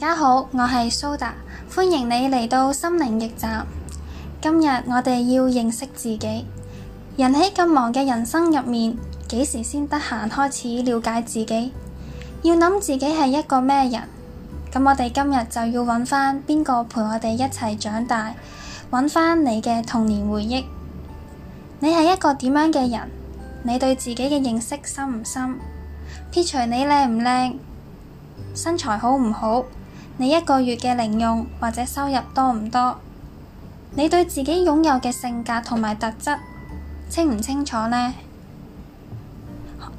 大家好，我係蘇達，歡迎你嚟到心靈驛站。今日我哋要認識自己。人喺咁忙嘅人生入面，幾時先得閒開始了解自己？要諗自己係一個咩人？咁我哋今日就要揾翻邊個陪我哋一齊長大，揾翻你嘅童年回憶。你係一個點樣嘅人？你對自己嘅認識深唔深？撇除你靚唔靚、身材好唔好？你一個月嘅零用或者收入多唔多？你對自己擁有嘅性格同埋特質清唔清楚呢？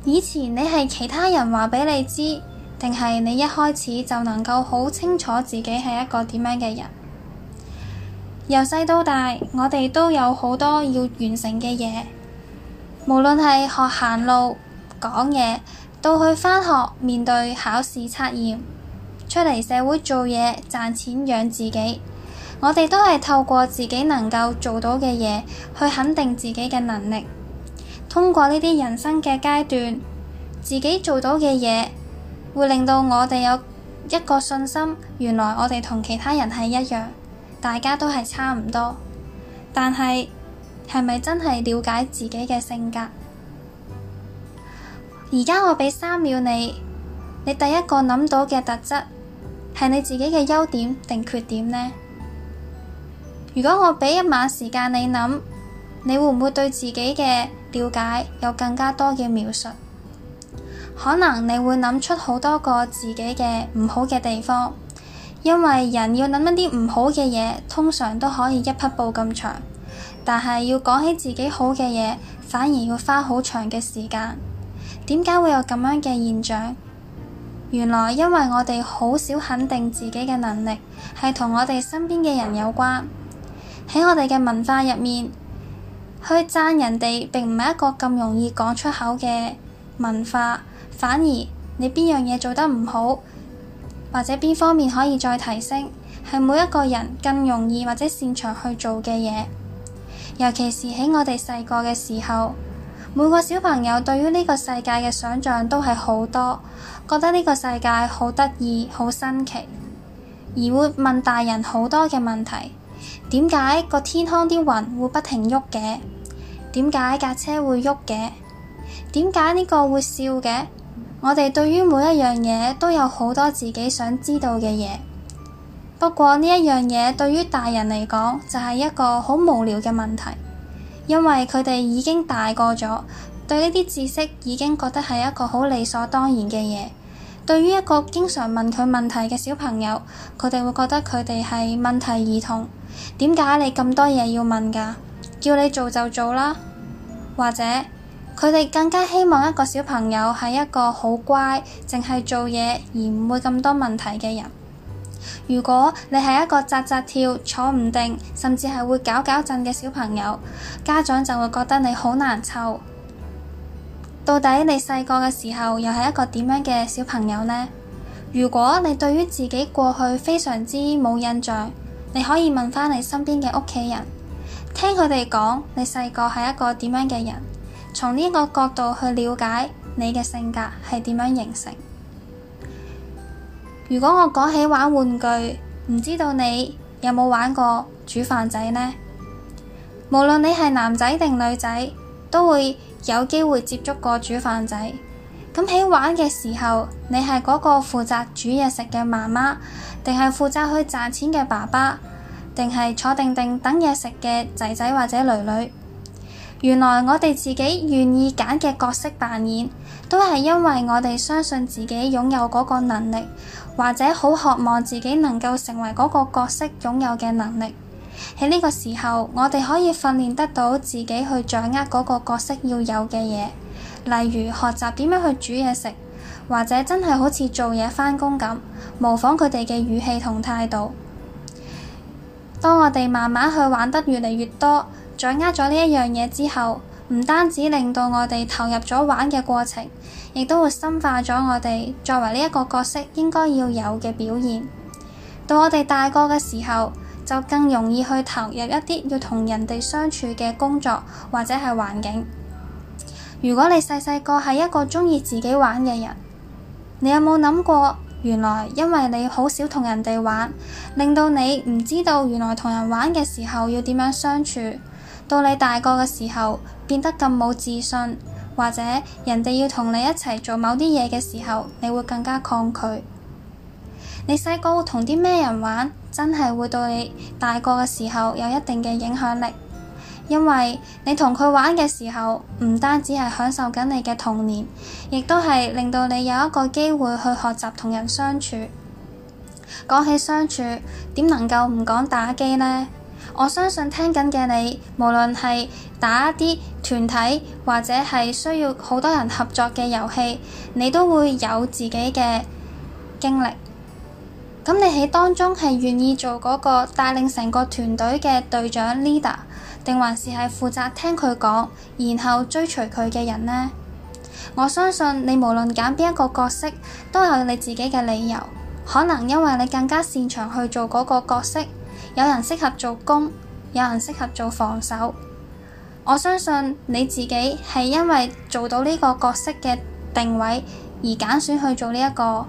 以前你係其他人話畀你知，定係你一開始就能夠好清楚自己係一個點樣嘅人？由細到大，我哋都有好多要完成嘅嘢，無論係學行路、講嘢，到去返學、面對考試測驗。出嚟社會做嘢賺錢養自己，我哋都係透過自己能夠做到嘅嘢去肯定自己嘅能力。通過呢啲人生嘅階段，自己做到嘅嘢會令到我哋有一個信心。原來我哋同其他人係一樣，大家都係差唔多。但係係咪真係了解自己嘅性格？而家我畀三秒你，你第一個諗到嘅特質，係你自己嘅優點定缺點呢？如果我畀一晚時間你諗，你會唔會對自己嘅了解有更加多嘅描述？可能你會諗出好多個自己嘅唔好嘅地方，因為人要諗一啲唔好嘅嘢，通常都可以一匹布咁長，但係要講起自己好嘅嘢，反而要花好長嘅時間。點解會有咁樣嘅現象？原來因為我哋好少肯定自己嘅能力，係同我哋身邊嘅人有關。喺我哋嘅文化入面，去讚人哋並唔係一個咁容易講出口嘅文化，反而你邊樣嘢做得唔好，或者邊方面可以再提升，係每一個人更容易或者擅長去做嘅嘢，尤其是喺我哋細個嘅時候。每個小朋友對於呢個世界嘅想像都係好多，覺得呢個世界好得意、好新奇，而會問大人好多嘅問題。點解個天空啲雲會不停喐嘅？點解架車會喐嘅？點解呢個會笑嘅？我哋對於每一樣嘢都有好多自己想知道嘅嘢。不過呢一樣嘢對於大人嚟講就係一個好無聊嘅問題。因為佢哋已經大個咗，對呢啲知識已經覺得係一個好理所當然嘅嘢。對於一個經常問佢問題嘅小朋友，佢哋會覺得佢哋係問題兒童。點解你咁多嘢要問㗎？叫你做就做啦。或者佢哋更加希望一個小朋友係一個好乖，淨係做嘢而唔會咁多問題嘅人。如果你係一個扎扎跳，坐唔定，甚至係會搞搞震嘅小朋友，家長就會覺得你好難湊。到底你細個嘅時候又係一個點樣嘅小朋友呢？如果你對於自己過去非常之冇印象，你可以問翻你身邊嘅屋企人，聽佢哋講你細個係一個點樣嘅人，從呢個角度去了解你嘅性格係點樣形成。如果我講起玩玩具，唔知道你有冇玩過煮飯仔呢？無論你係男仔定女仔，都會有機會接觸過煮飯仔。咁喺玩嘅時候，你係嗰個負責煮嘢食嘅媽媽，定係負責去賺錢嘅爸爸，定係坐定定等嘢食嘅仔仔或者女女？原來我哋自己願意揀嘅角色扮演，都係因為我哋相信自己擁有嗰個能力，或者好渴望自己能夠成為嗰個角色擁有嘅能力。喺呢個時候，我哋可以訓練得到自己去掌握嗰個角色要有嘅嘢，例如學習點樣去煮嘢食，或者真係好似做嘢返工咁，模仿佢哋嘅語氣同態度。當我哋慢慢去玩得越嚟越多，掌握咗呢一樣嘢之後，唔單止令到我哋投入咗玩嘅過程，亦都會深化咗我哋作為呢一個角色應該要有嘅表現。到我哋大個嘅時候，就更容易去投入一啲要同人哋相處嘅工作或者係環境。如果你細細個係一個鍾意自己玩嘅人，你有冇諗過，原來因為你好少同人哋玩，令到你唔知道原來同人玩嘅時候要點樣相處？到你大個嘅時候，變得咁冇自信，或者人哋要同你一齊做某啲嘢嘅時候，你會更加抗拒。你細個會同啲咩人玩，真係會對你大個嘅時候有一定嘅影響力，因為你同佢玩嘅時候，唔單止係享受緊你嘅童年，亦都係令到你有一個機會去學習同人相處。講起相處，點能夠唔講打機呢？我相信聽緊嘅你，無論係打一啲團體，或者係需要好多人合作嘅遊戲，你都會有自己嘅經歷。咁你喺當中係願意做嗰個帶領成個團隊嘅隊長 leader，定還是係負責聽佢講，然後追隨佢嘅人呢？我相信你無論揀邊一個角色，都有你自己嘅理由。可能因為你更加擅長去做嗰個角色。有人適合做攻，有人適合做防守。我相信你自己係因為做到呢個角色嘅定位而揀選去做呢一個。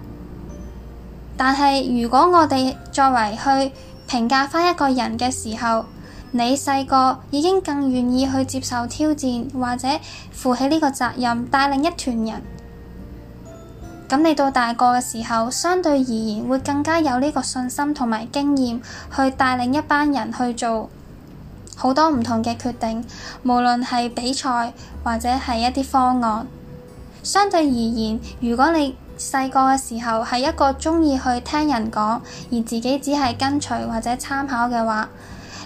但係如果我哋作為去評價翻一個人嘅時候，你細個已經更願意去接受挑戰，或者負起呢個責任，帶領一團人。咁你到大個嘅時候，相對而言會更加有呢個信心同埋經驗去帶領一班人去做好多唔同嘅決定，無論係比賽或者係一啲方案。相對而言，如果你細個嘅時候係一個鍾意去聽人講，而自己只係跟隨或者參考嘅話，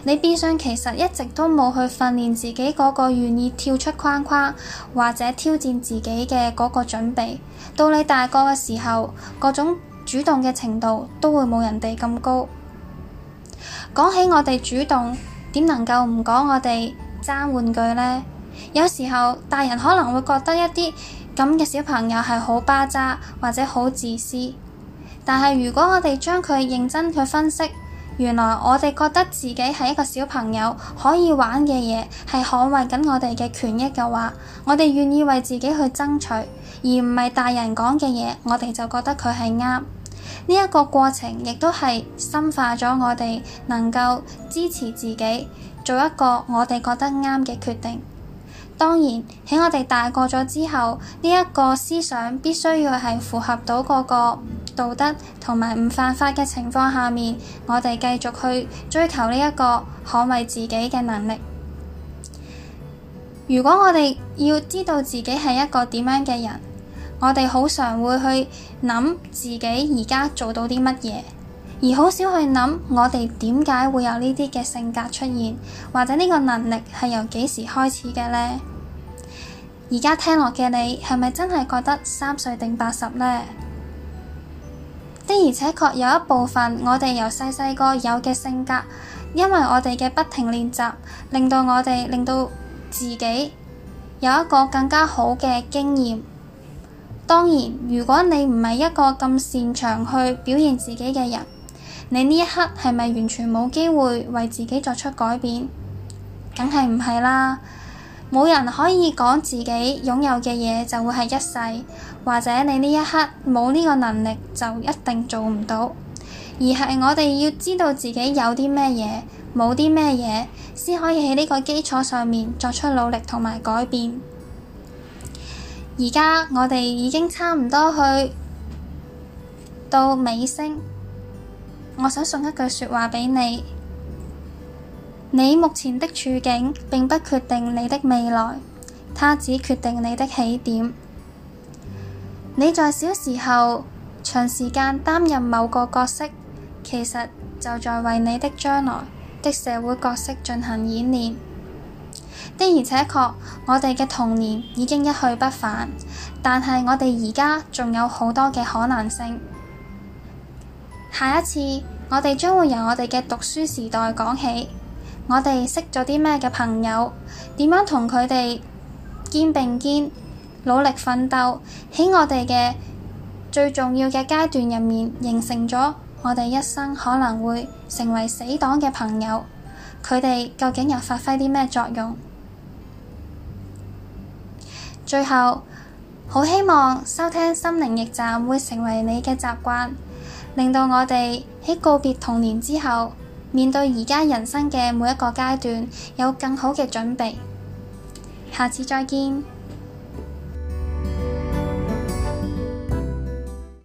你變相其實一直都冇去訓練自己嗰個願意跳出框框或者挑戰自己嘅嗰個準備。到你大個嘅時候，各種主動嘅程度都會冇人哋咁高。講起我哋主動，點能夠唔講我哋爭玩具呢？有時候大人可能會覺得一啲咁嘅小朋友係好巴渣或者好自私，但係如果我哋將佢認真去分析。原來我哋覺得自己係一個小朋友，可以玩嘅嘢係捍衞緊我哋嘅權益嘅話，我哋願意為自己去爭取，而唔係大人講嘅嘢，我哋就覺得佢係啱。呢一個過程亦都係深化咗我哋能夠支持自己做一個我哋覺得啱嘅決定。當然喺我哋大個咗之後，呢一個思想必須要係符合到嗰個道德同埋唔犯法嘅情況下面，我哋繼續去追求呢一個捍衛自己嘅能力。如果我哋要知道自己係一個點樣嘅人，我哋好常會去諗自己而家做到啲乜嘢，而好少去諗我哋點解會有呢啲嘅性格出現，或者呢個能力係由幾時開始嘅呢。而家聽落嘅你，係咪真係覺得三歲定八十呢？的而且確有一部分我哋由細細個有嘅性格，因為我哋嘅不停練習，令到我哋令到自己有一個更加好嘅經驗。當然，如果你唔係一個咁擅長去表現自己嘅人，你呢一刻係咪完全冇機會為自己作出改變？梗係唔係啦。冇人可以講自己擁有嘅嘢就會係一世，或者你呢一刻冇呢個能力就一定做唔到，而係我哋要知道自己有啲咩嘢，冇啲咩嘢，先可以喺呢個基礎上面作出努力同埋改變。而家我哋已經差唔多去到尾聲，我想送一句說話俾你。你目前的處境並不決定你的未來，它只決定你的起點。你在小時候長時間擔任某個角色，其實就在為你的將來的社會角色進行演練。的而且確，我哋嘅童年已經一去不返，但係我哋而家仲有好多嘅可能性。下一次我哋將會由我哋嘅讀書時代講起。我哋識咗啲咩嘅朋友？點樣同佢哋肩並肩，努力奮鬥？喺我哋嘅最重要嘅階段入面，形成咗我哋一生可能會成為死黨嘅朋友。佢哋究竟又發揮啲咩作用？最後，好希望收聽《心靈驛站》會成為你嘅習慣，令到我哋喺告別童年之後。面對而家人生嘅每一個階段，有更好嘅準備。下次再見。